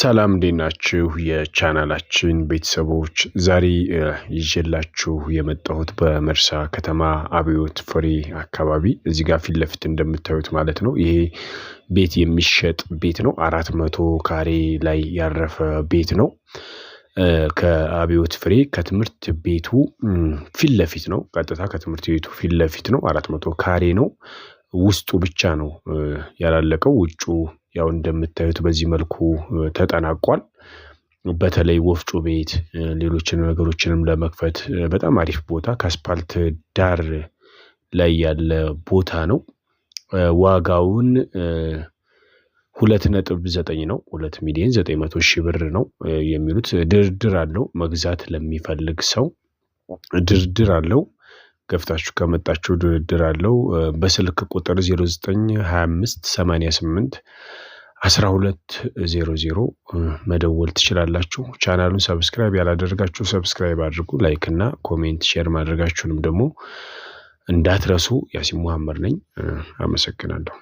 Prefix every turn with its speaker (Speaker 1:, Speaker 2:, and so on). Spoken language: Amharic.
Speaker 1: ሰላም እንዴት ናችሁ? የቻናላችን ቤተሰቦች ዛሬ ይዤላችሁ የመጣሁት በመርሳ ከተማ አብዮት ፍሬ አካባቢ እዚህ ጋር ፊት ለፊት እንደምታዩት ማለት ነው። ይሄ ቤት የሚሸጥ ቤት ነው። አራት መቶ ካሬ ላይ ያረፈ ቤት ነው። ከአብዮት ፍሬ ከትምህርት ቤቱ ፊት ለፊት ነው። ቀጥታ ከትምህርት ቤቱ ፊት ለፊት ነው። አራት መቶ ካሬ ነው። ውስጡ ብቻ ነው ያላለቀው። ውጩ ያው እንደምታዩት በዚህ መልኩ ተጠናቋል። በተለይ ወፍጮ ቤት፣ ሌሎችን ነገሮችንም ለመክፈት በጣም አሪፍ ቦታ ከአስፓልት ዳር ላይ ያለ ቦታ ነው። ዋጋውን ሁለት ነጥብ ዘጠኝ ነው። ሁለት ሚሊዮን ዘጠኝ መቶ ሺህ ብር ነው የሚሉት። ድርድር አለው። መግዛት ለሚፈልግ ሰው ድርድር አለው። ገፍታችሁ ከመጣችሁ ድርድር አለው። በስልክ ቁጥር 092588 1200 መደወል ትችላላችሁ። ቻናሉን ሰብስክራይብ ያላደረጋችሁ ሰብስክራይብ አድርጉ። ላይክ እና ኮሜንት ሼር ማድረጋችሁንም ደግሞ እንዳትረሱ። ያሲን መሐመድ ነኝ። አመሰግናለሁ።